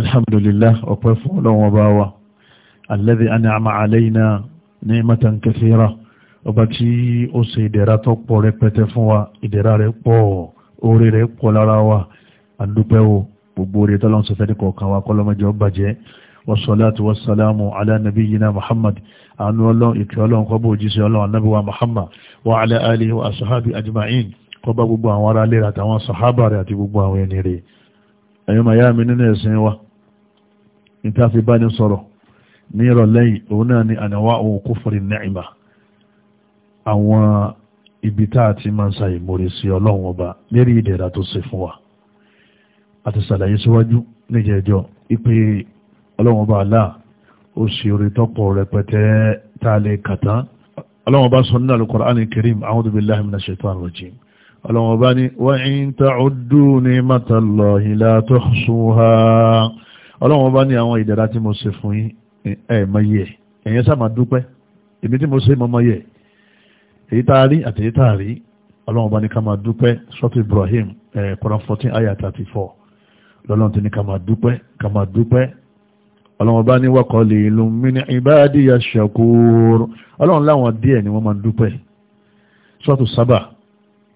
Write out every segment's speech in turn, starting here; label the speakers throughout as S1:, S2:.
S1: alhamdulillah ọ̀pẹ́ fún ọlọ́wọ́n bá wa alladhi an'ama alayna ni'matan kathira ọba tí ó ṣe ìdẹ̀ra tó pọ̀ rẹpẹtẹ fún wa ìdẹ̀ra rẹ̀ pọ̀ orí rẹ̀ pọ̀ lára wa àdúpẹ́ o gbogbo orí tọ́lọ́n ṣe fẹ́ẹ́ kọ̀ọ̀kan wa kọ́lọ́mọjọ́ bàjẹ́ wasalaatu wasalaamu ala nabiyina muhammad anu ọlọ́n ìkẹ́ ọlọ́n kọba òjíṣẹ́ ọlọ́n anábíwa muhammad wa ala alihi wa sahabi ajma'in kọba gbogbo àwọn ará lera àtàwọn sahaba rẹ̀ àti gbogbo àwọn ẹni rẹ̀ ẹ̀yọ́ ma mi nínú ẹ̀sìn wa ìtàfi bá ní sọ̀rọ̀ ní ìrọ̀lẹ́yìn òun náà ni ànáwá òun kufri ni'ma àwọn ibi tá a ti máa ń sa ìmòrè sí ọlọ́run ọba lérí ìdẹ̀ra tó ṣe fún wa àti sàlàyé síwájú níjẹ̀ẹ́jọ́ ipe ọlọ́run ọba Allah ó sì orí tọ́pọ̀ rẹpẹtẹ tá a lè kàtá ọlọ́run ọba sọ nínú al-Qur'an al-Karim a'udhu billahi minash shaitani rajim ọlọ́run ọba ní wa in ta'uddu ni'matallahi la tuhsuha ọlọ́run bá ní àwọn ìdára tí mo ṣe fún yín ẹ̀ mọyì ẹ̀ ẹ̀yẹn sábà dúpẹ́ èmi tí mo ṣe mọ́ mọyì ẹ̀ èyí tá àti èyí tá ọlọ́run bá ní ká máa dúpẹ́ sọ́tù Ibrahim Quran 14 ayah 34 four lọ́lọ́run ti ní ká máa dúpẹ́ ká máa dúpẹ́ ọlọ́run bá ní wa qalilun min ibadiya shakur ọlọ́run láwọn díẹ̀ ni wọ́n máa dúpẹ́ sọ́tù Saba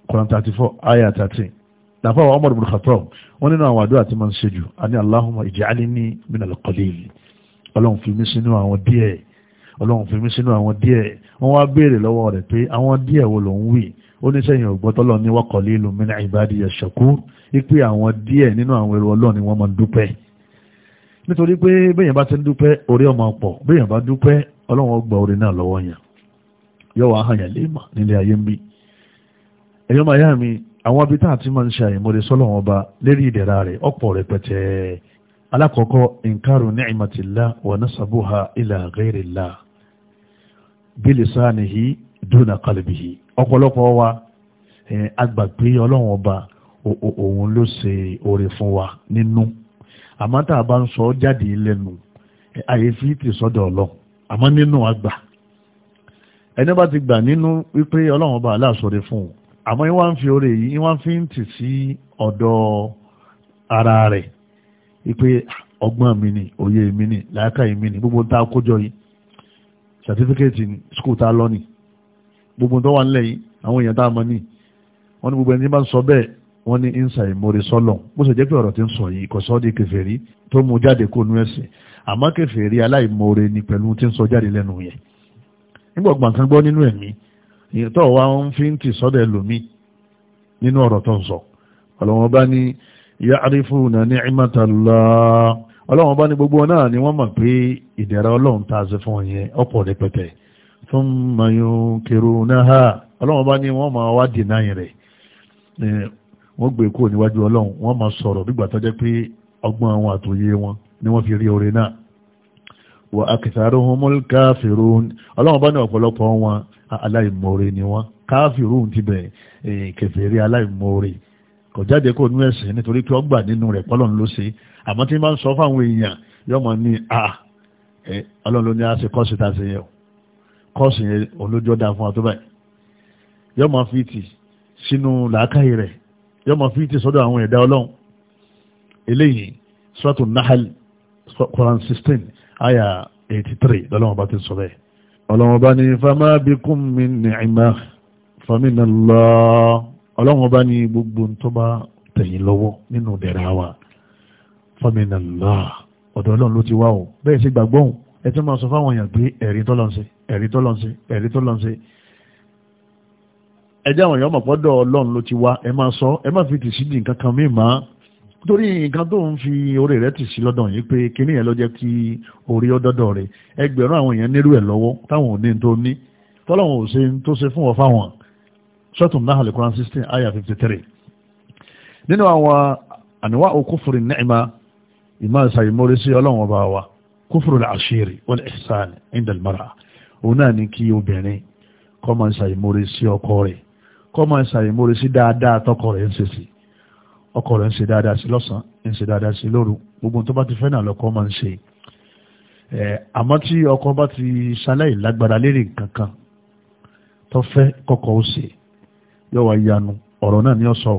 S1: 34 thirty 13 làfọ́ àwọn Umar ibn Khattab wọ́n nínú àwọn àdúrà tí máa ń ṣe jù a ní Allahumma ij'alni min al-qalil ọlọ́run fi mí sínú àwọn díẹ̀ ọlọ́run fi mí sínú àwọn díẹ̀ wọ́n wá béèrè lọ́wọ́ rẹ̀ pé àwọn díẹ̀ wo ló ń wí ó ní sẹ́yìn ògbọ́tọ́lọ́ ní wa qalilun min ibadiya shakur ipe àwọn díẹ̀ nínú àwọn ẹrù ọlọ́run ni wọ́n máa ń dúpẹ́ nítorí pé bẹ́yàn bá ti ń dúpẹ́ orí ọmọ pọ̀ bẹ́yàn bá dúpẹ́ ọlọ́run ó àwọn abitá àti máa ń ṣe àìmọ̀lẹ̀ sọ́lọ́wọ́n ọba lérí ìdẹ̀ra rẹ̀ ọ̀pọ̀ rẹpẹtẹ alákọ̀ọ́kọ́ inkaru ni'matillah wa nasabuha ila ghairillah bilisanihi duna qalbihi ọ̀pọ̀lọpọ̀ wa agbàgbé ọlọ́wọ́n ọba òun ló ṣe oore fún wa nínú àmọ́ tá a bá ń sọ jáde lẹ́nu àyèfi ti sọ́dọ̀ ọlọ́ àmọ́ nínú àgbà ẹni bá ti gbà nínú wípé ọlọ́wọ́n ọba aláṣọre àmọ́ yín wá ń fi oore yìí yín wá ń fi ń tì sí ọ̀dọ̀ ara rẹ̀ wípé ọgbọ́n mi ni òye mi ni làákàyè mi ni gbogbo tá a kójọ yìí sàtífíkẹ́ẹ̀tì ni skul tá a lọ ni gbogbo tó wà nílẹ̀ yìí àwọn èèyàn tá a mọ̀ ni wọ́n ní gbogbo ẹni bá ń sọ bẹ́ẹ̀ wọ́n ní ìnsà ìmòrè sọ́lọ̀ bó ṣe jẹ́ pé ọ̀rọ̀ tí ń sọ yìí kò sọ́ di kèfèrí tó mú jáde kó nu ẹ̀sìn àmọ́ kèfèrí aláìmòrè ni pẹ̀lú tí ń sọ jáde lẹ́nu yẹn nígbà gbọ̀ǹkan gbọ́ nínú ẹ̀mí ìyẹ̀tọ́ wa ń fi ń tì sọ́dẹ̀ lómi nínú ọ̀rọ̀ tó ń sọ ọlọ́wọ́n bá ní ya'rifuna ni'matallah ọlọ́wọ́n bá ní gbogbo náà ni wọ́n mọ̀ pé ọlọ́run ṣe fún ọyẹn rẹpẹtẹ ọlọ́wọ́n bá ní wọ́n máa wá wọ́n ma náà wa aktharuhumul káfìrún ọlọ́run bá ní ọ̀pọ̀lọpọ̀ wọn aláìmoore ni wọ́n kafirun ti bẹ̀ kèfèrí aláìmoore kò jáde kó nú ẹ̀sìn nítorí pé ọgbà nínú rẹ̀ pọ́lọ́n ló ṣe àmọ́ tí máa ń sọ fáwọn èèyàn yọmọ ní a ọlọ́run ló ní a ṣe kọ́ọ̀sì tá a ṣe yẹn kọ́ọ̀sì yẹn olójó dáa fún wa tó báyìí yọmọ fìtì sínú làákàyè rẹ̀ yọmọ fìtì sọ́dọ̀ àwọn ẹ̀dá ọlọ́run eléyìí sọ́tún nahal Quran sixteen àyà 83 lọ́lọ́wọ́n bá ti sọ bẹ́ẹ̀ ọlọ́wọ́n bá ní fama bikum min ni'ma faminallah ọlọ́wọ́n bá ní gbogbo tó bá tẹ̀yìn lọ́wọ́ nínú dẹ̀ra wa faminallah ọ̀dọ̀ ọlọ́run ló ti wá o bẹ́ẹ̀ sì gbàgbọ́ òun ẹ tún máa sọ fáwọn èèyàn pé ẹ̀rí tó lọ́n ṣe ẹ̀rí tó lọ́n ṣe ẹ̀rí tó lọ́n ṣe ẹjẹ́ àwọn èèyàn mọ̀pọ́dọ̀ ọlọ́run ló ti wá ẹ máa sọ ẹ má fi tìṣídì nǹkan torí nǹkan tó ń fi orí rẹ̀ tì sí lọ́dọ̀ yìí pé kíní yẹn ló jẹ́ kí orí ọdọ́dọ̀ rẹ̀ ẹgbẹ̀rún àwọn èèyàn nírú ẹ̀ lọ́wọ́ táwọn ò ní tó ní tọ́lọ́wọ́n ò ṣe tó ṣe fún ọ̀fà wọn sọ́tún náà lè Quran sixteen aya fifty three nínú àwọn àníwá kufuri ni'ma ìmọ̀ ìsàyẹ̀mọ́rí sí ọlọ́wọ́n bá wa kufuru al-ashiri wal ihsan inda al-mar'a òun náà ní kí obìnrin kọ́ máa ìsàyẹ̀mọ́rí sí ọkọ rẹ̀ kọ́ máa ìsàyẹ̀mọ́rí sí dáadáa tọkọ rẹ̀ ń ṣe ọkọ rẹ̀ ń ṣe dáadáa sí lọ́sàn-án ń ṣe dáadáa sí lóru gbogbo tó bá ti fẹ́ náà lọ́kọ máa ń ṣe àmọ́ tí ọkọ bá ti ṣaláì lágbára lérí kankan tó fẹ́ kọ́kọ́ ó ṣe yóò wá yanu ọ̀rọ̀ náà ni ó sọ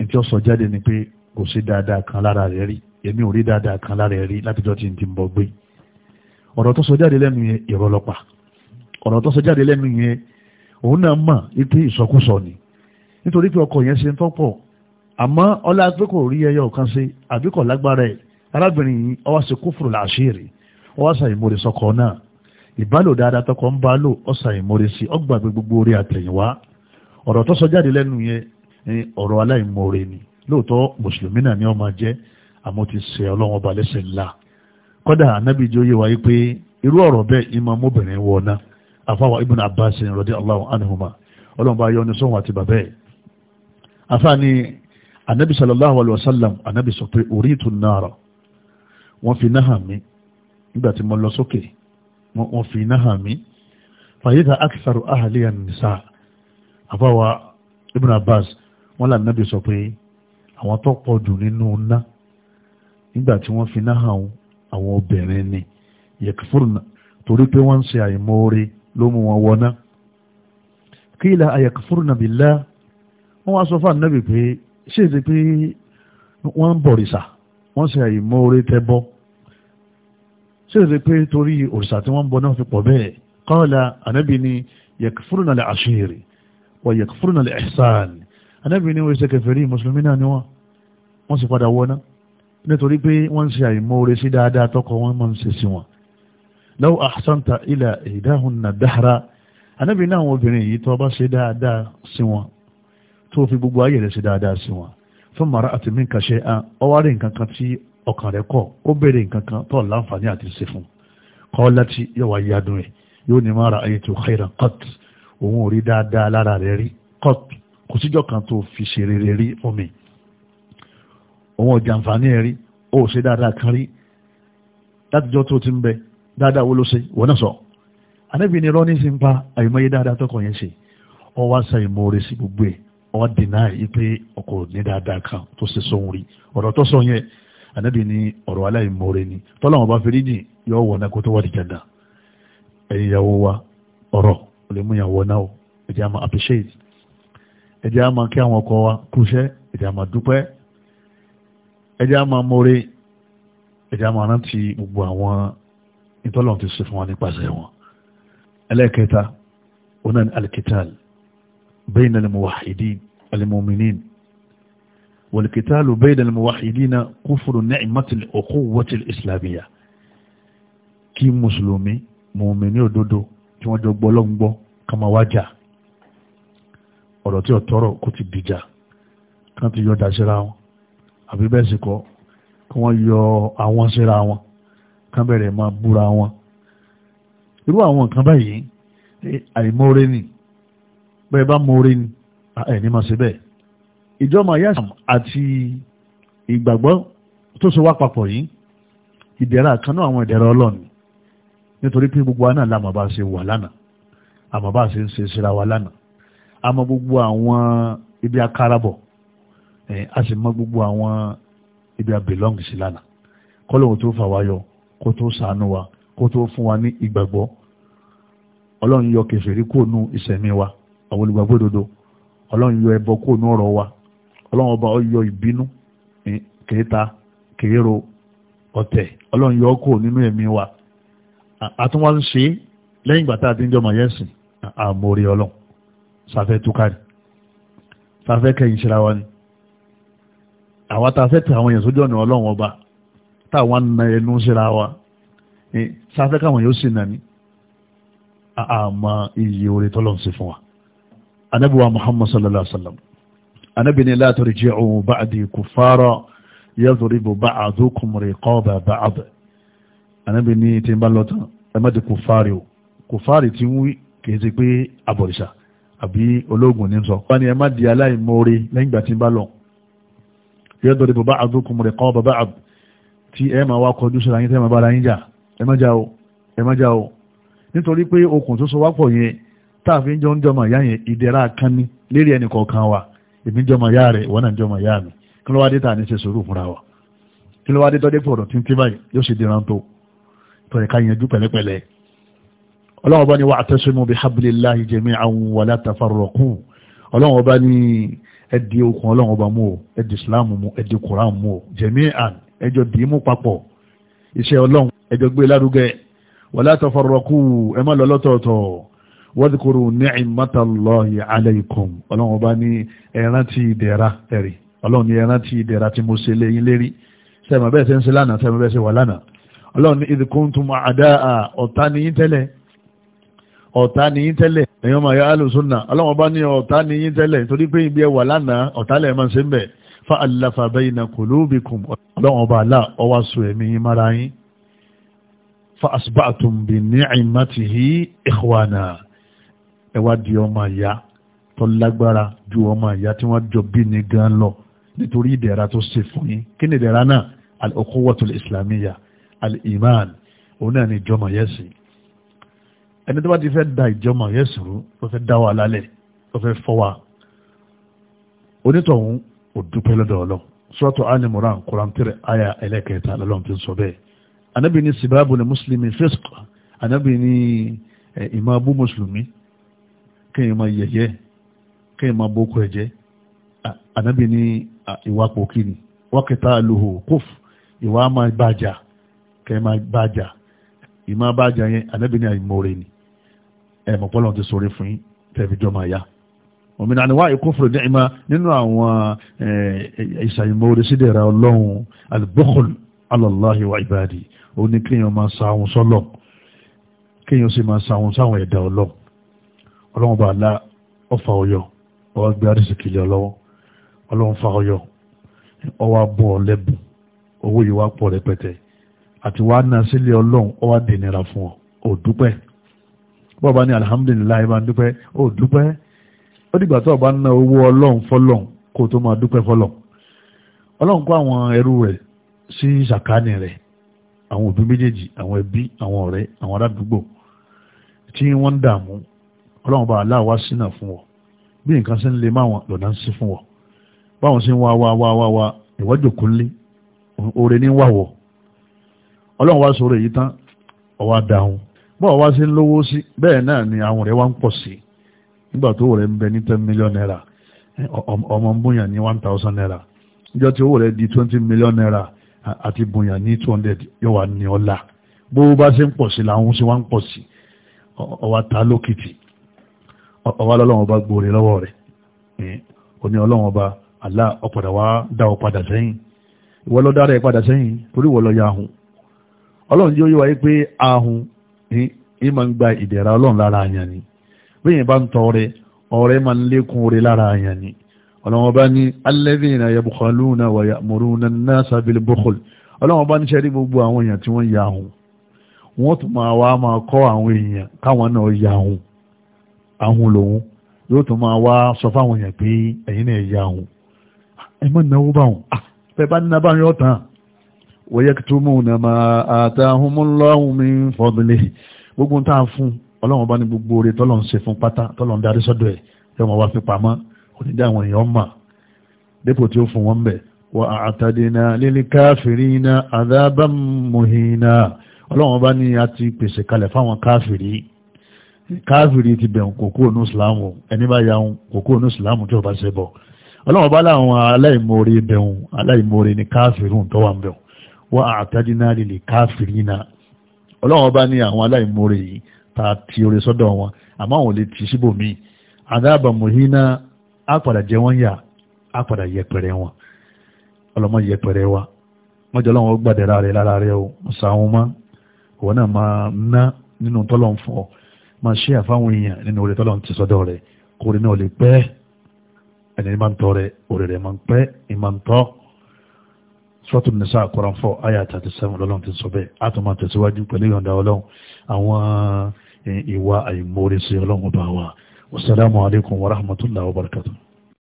S1: ní tí ó sọ jáde ni pé kò sí dáadáa kan lára rẹ̀ rí èmi ò rí dáadáa kan lára rẹ̀ rí látijọ́ tí n ti bọ̀ gbé ọ̀rọ̀ tó sọ jáde lẹ́nu yẹn irọ́ ọ̀rọ̀ tó sọ jáde lẹ́nu yẹn òun náà mọ̀ wípé ìsọkúsọ ni nítorí pé ọkọ yẹn ṣe ń tọ́pọ̀ àmọ́ ọlá pé kò rí ẹyọ kan sí àbí lagbara lágbára ẹ̀ arábìnrin yìí ọwọ́ sí kúfùrù làṣírí ọwọ́ sàìmórè sọkọ náà ìbálò dáadáa tọkọ ń bá lò ọ sàìmórè sí ọgbàgbé gbogbo orí àtẹ̀yìnwá ọ̀rọ̀ tó sọ jáde lẹ́nu yẹn ọ̀rọ̀ aláìmórè ni lóòótọ́ mùsùlùmí náà ni ó máa jẹ́ àmọ́ ti ṣe ọlọ́wọ́n ba lẹ́sẹ̀ ńlá kọ́dà anabi sallallahu alayhi wa sallam anabi sọ pé uritu nara wọ́n fi náà mi nígbà tí mo lọ sókè wọ́n fi náà mi fàyíta akitharu ahaliya nisa àbáwa ibn abbas wọ́n là nábi sọ pé àwọn tó pọ̀ jù nínú ná nígbà tí wọ́n fi náà àwọn obìnrin ni yẹkfurna torí pé wọ́n ń ṣe àìmoore ló mú wọn wọná kí ilà ayẹkfurna billah wọ́n wá sọ fún anabi pé ṣe é ṣe pé wọ́n ń bọ̀rìṣà wọ́n ṣe àìmọ́ọ́rẹ́ tẹ́bọ́ ṣe é ṣe pé torí òrìṣà tí wọ́n ń bọ náà fi pọ̀ bẹ́ẹ̀ kọ́ọ̀lá ànábì ni yẹ̀kfúrúnà lè àṣírí wà yẹ̀kfúrúnà lè ẹ̀sán ànábì ni wọ́n ṣe kèfèrí mùsùlùmí náà ni wọ́n wọ́n sì padà wọ́ná nítorí pé wọ́n ṣe àìmọ́ọ́rẹ́ sí dáadáa tọkọ wọn máa ń ṣe sí wọn law ahsanta ila ìdáhùn nà dáhàrá ànábì náà àwọn obìnrin yìí tó bá ṣe dáadáa sí wọn tó fi gbogbo ayé rẹ̀ ṣe dáadáa sí wọn fún mara àti minka ṣe án ah, ọwá rí nǹkan kan tí ọkàn rẹ̀ kọ̀ ó béèrè nǹkan kan tó láǹfààní àti ṣe fún kọ́ láti yóò wá yádùn ẹ̀ yóò ní mara ayé tó khairan qat òun ò rí dáadáa lára rẹ̀ rí qat kò síjọ́ kan tó fi ṣe rere rí fún mi òun ò jàǹfààní ẹ̀ rí ó ṣe dáadáa kan rí látijọ́ tó ti ń bẹ dáadáa wo ló ṣe wọ́n náà sọ anábìíní rọ́ní sí ń pa àìmọye wọ́n dènà yìí pé ọkọ̀ ní dáadáa kan tó ṣe sóhun rí ọ̀rọ̀ tó sọ yẹn ànábì ní ọ̀rọ̀ aláìmoore ni tọ́lọ́wọ́n bá fẹ́rí jìn yọ wọ̀ náà kó tó wà ní jẹ̀dá ẹ̀yìn ìyàwó wa ọ̀rọ̀ lè mú ìyàwó náà o ẹ̀jẹ̀ àmà appreciate ẹ̀jẹ̀ àmà kí àwọn ọkọ wa kúṣẹ́ ẹ̀jẹ̀ àmà dúpẹ́ ẹ̀jẹ̀ àmà moore ẹ̀jẹ̀ àmà rántí gbogbo àwọn ìtọ́lọ́wọ́n ti ṣe fún wa nípasẹ̀ wọn ẹlẹ́ẹ̀kẹta onan alkital بين الموحدين المؤمنين والقتال بين الموحدين كفر نعمة الأخوة الإسلامية kí mùsùlùmí mùmìnì òdodo tí wọ́n jọ gbọ́ lọ́n gbọ́ ká máa wájà ọ̀rọ̀ tí ọ̀tọ́rọ̀ kò ti dìjà kán ti yọ dàṣẹ́ra wọn àbí bẹ́ẹ̀ sì kọ́ kí wọ́n yọ àwọn síra wọn kán bẹ̀rẹ̀ máa búra wọn irú àwọn nǹkan báyìí àìmọ́ọ́rẹ́ nìí bẹ́ẹ̀ bá mọ orin ẹ̀ ní máa ṣe bẹ́ẹ̀ ìjọba yasam àti ìgbàgbọ́ tó so wá papọ̀ yìí ìdẹ̀ra kan náà àwọn ìdẹ̀ra ọlọ́run nítorí pé gbogbo àná làmọ̀ bá ṣe wà lánàá àmọ̀ bá ṣe ń ṣe síra wa lánàá àmọ̀ gbogbo àwọn ibi akárabọ̀ a sì mọ gbogbo àwọn ibi abelong sí lánàá kọ́lọ́wọ́ tó fà wá yọ kó tó sànú wa kó tó fún wa ní ìgbàgbọ́ ọlọ́run yọ kẹfẹ́rí kó nu ìsẹ̀mí wa àwọn olùgbàgbọ́ òdodo ọlọ́run yọ ẹbọ kó nú ọ̀rọ̀ wa ọlọ́run ọba yọ ìbínú kèéta kèéro ọ̀tẹ̀ ọlọ́run yọ kó nínú ẹ̀mí wa àtúnwá ń ṣe lẹ́yìn ìgbà tá a ti ń jọmọ yẹn sìn àmórí ọlọ́run sáfẹ́ túkàrí sáfẹ́ kẹyìn ṣe wa ni àwa tá a fẹ́ tẹ àwọn èèyàn sójú ọ̀nà ọlọ́run ọba táwa ń na ẹnu ṣe ra wa sáfẹ́ káwọn yóò sì nà ní àmọ́ iye oore tọ́lọ́run ṣe fún wa anábíwá muhammad sallallahu alaihi wasallam anábí ni la turji'u ba'di kuffara yadhribu ba'dukum riqaba ba'd anábí ni tí ń bá lọ́tàn ẹ má di kùfàárì o kùfàárì tí ń wí kìí ṣe pé àbọ̀rìṣà àbí ológun ní sọ wọ́n ni ẹ má di aláìmoore lẹ́yìn ìgbà tí ń bá lọ yadhribu ba'dukum riqaba ba'd tí ẹ máa wá kọjú síra yín tẹ́ máa bára yín jà ẹ má jà o ẹ má jà o nítorí pé okùn tó so wápọ̀ yẹn táàfin jọ ń jọmọ ìyá yẹn ìdẹ̀ra kan ní lérí ẹnì kọ̀ọ̀kan wa èmi jọmọ ìyá rẹ̀ ìwọ náà jọmọ ìyá mi kí ló wá dé tà ní ṣe sùúrù fúnra wa kí ló wá dé tọ́jú pọ̀rọ̀ tí báyìí yóò ṣe dìran tó tọ̀yẹ̀ ká yanjú pẹ̀lẹ́pẹ̀lẹ́ ọlọ́run bá ní wa'tasimu bihablillahi jami'an wa la tafarraqu ọlọ́run bá ní ẹ̀dì okùn bá mú ẹ wọ́dìkúrú ni'matallahi alaykum ọlọ́run ọba ní ẹran ti ìdẹ̀ra ẹ̀rí ọlọ́run ní ẹran ti ìdẹ̀ra tí mo ṣe léyìn lérí sẹ́mi bẹ́ẹ̀ ṣe ń ṣe lánàá sẹ́mi bẹ́ẹ̀ ṣe wà lánàá ọlọ́run ní idh kuntum a'da'a ọ̀tá ni yín tẹ́lẹ̀ ọ̀tá ni yín tẹ́lẹ̀ ẹ̀yọ́ máa yá alùsùnà ọlọ́run ọba ní ọ̀tá ni tẹ́lẹ̀ torí pé ibi ẹ wà lánàá ọ̀tá fa allafa bayna qulubikum ọlọ́run ikhwana ẹ wá di ọmọ ìyá tó lágbára ju ọmọ ìyá tí wọ́n jọ bí ní gan lọ nítorí ìdẹ̀ra tó ṣe fún yín kí ni ìdẹ̀ra náà al-ukhuwatul islamiyya al-iman òun náà ni ìjọmọ̀ yẹn sìn ẹni tó bá ti fẹ́ da ìjọmọ̀ yẹn sìn rú ó fẹ́ dá wa lálẹ̀ ó fẹ́ fọ́ wa onítọ̀hún ò dúpẹ́ lọ́dọ̀ ọlọ́ suratu Al-Imran kùràǹtẹ̀rẹ̀ àyà ẹlẹ́kẹta lọ́lọ́run ti sọ bẹ́ẹ̀ anábì ní sibabu ni mùsùlùmí fisq anábì ní ìmọ̀ eh, abú mùsùlùmí kéèyàn máa yẹ̀yẹ́ kéèyàn máa bókó ẹ̀jẹ́ ànábì ní ìwà pòkì ni wákìtà lòhò kóf ìwà máa bàjà kẹ́ẹ̀ máa bàjà ìmọ̀ bàjà yẹn ànábì ní àìmọ̀ọ́rẹ́ ni ẹ̀ mọ̀pọ́lọ́ ti sọ̀rọ̀ fún yín tẹ̀bí jọ máa yá òmìnira àníwá ìkófòrò ní ìmá nínú àwọn ìṣàyìnmọ́ orísìdẹ̀ra ọlọ́run al-bukhul wa ibadi ó ní kíyàn máa sàwọn sọ́lọ̀ kíyàn sì máa sàwọn sáwọn ẹ̀dà ọlọ́run ọlọ́run bá lá ọfà ọyọ ọwọ́ gbé àrísìkì lé ọlọ́wọ́ ọlọ́run fa ọyọ ọwọ́ bọ́ ọ lẹ́bùn owó yìí wá pọ̀ rẹpẹtẹ àti wàá na sílé ọlọ́run ọwọ́ dènìra fún ọ ò dúpẹ́ bọ́ọ̀bá ní alihamudulilayi bá dúpẹ́ ò dúpẹ́ ó dìgbà tó o bá na owó ọlọ́run fọlọ́run kó o tó máa dúpẹ́ fọlọ́run ọlọ́run kó àwọn ẹrú rẹ̀ sí sàkáàní rẹ̀ àwọn òbí méjèèjì àwọn ẹbí àwọn ọ̀rẹ́ àwọn aládùúgbò tí wọ́n ń dààmú ọlọ́run bá aláwọ̀ wá sínà fún ọ bí nǹkan sí ń le máwọn lọ́dá ń sí fún ọ báwọn sí ń wá wá wá wá wá ìwọ́jò kún lé oore ní wà ọlọ́run wá sọ̀rọ̀ èyí tán ọwá dáhùn bọ́ọ̀ wá sí lówó sí bẹ́ẹ̀ náà ni àwọn rẹ̀ wá ń pọ̀ sí nígbà tó rẹ̀ ń bẹ ní ten million naira ọmọ ń bùnyàn ní one thousand naira níjọ́ tí owó rẹ̀ di twenty million naira àti bùnyàn ní two hundred yóò wá ní ọ̀la bó bá sí ń pọ̀ sí làwọn sí wá ń pọ̀ sí ọwá ta lókìtì ọwá lọ́lọ́wọ́ bá gbòòrè lọ́wọ́ rẹ̀ oní ọlọ́wọ́ bá alá ọ̀padà wá dá ọ padà sẹ́yìn ìwọ ló dára ẹ padà sẹ́yìn torí wọ́n lọ ya ahun ọlọ́run jẹ́ oyíwa yí pé ahun ní ma ń gba ìdẹ̀ra ọlọ́run lára àyàn ni bẹ́yìn bá ń tọ́ rẹ ọ̀rẹ́ ma ń lékún orí lára àyàn ni ọlọ́run bá ní alladhina yabkhaluna wa ya'muruna an-nasa bil-bukhl ọlọ́run bá ní sẹ́rí gbogbo àwọn èèyàn tí wọ́n ya ahun wọ́n tún máa wá máa kọ́ àwọn èèyàn káwọn náà ya ahun ahun lòun yóò tún máa wá sọ fáwọn èèyàn pé ẹ̀yin náà ya ahun ẹ mọ́ náwó báwọn bẹ́ẹ̀ bá nínú ah, abáyọ̀ tán wayaktumuna ma atahumullahu min fadlihi gbogbo tá a fún ọlọ́run bá ní gbogbo oore tọ́lọ̀ ń ṣe fún pátá tọ́lọ̀ ń darí sọ́dọ̀ ẹ̀ yóò máa wá fi pamọ́ onídàá àwọn èèyàn mà dépò tí ó fún wọn bẹ̀ wa a'tadna lil kafirina adhaban muhina ọlọ́run bá ní a ti pèsè kalẹ̀ fáwọn káfìrí káfìrí ti bẹ̀rùn kòkó ònú ìsìláàmù ẹni bá ya kòkó ònú ìsìláàmù tí ó bá ṣe bọ̀ ọlọ́wọ́ bá láwọn aláìmoore bẹ̀rùn aláìmoore ni káfìrún tó wà ń bẹ̀rùn wá àtàdínà lílì káfìrí náà ọlọ́wọ́ bá ní àwọn aláìmoore yìí ta ti orí sọ́dọ̀ wọn àmọ́ àwọn ò lè ti síbò mí àdáàbà mòhínà á padà jẹ wọ́n yà á padà yẹpẹrẹ wọn ọlọ́mọ yẹpẹrẹ wa mọ́jọ́ lọ́wọ́ gbàdẹ̀ra rẹ̀ lára rẹ̀ o sàwọn mọ́ òun náà máa ná nínú tọ́lọ́ máa ṣe àfáwọn èèyàn nínú orí tọ́lọ́n ti sọ́dọ̀ rẹ̀ kó orí náà lè pẹ́ ẹni máa ń tọ́ rẹ̀ orí rẹ̀ máa ń pẹ́ ẹ máa ń tọ́ sọ́tù nìṣà Qur'an 4 àyà 37 lọ́lọ́n ti sọ bẹ́ẹ̀ á tún máa tẹ̀síwájú pẹ̀lú ìyọ̀ǹda ọlọ́run àwọn eh, ìwà àìmórí sí ọlọ́run ọba wa wasalaamu alaykum wa rahmatullahi wa barakatuh.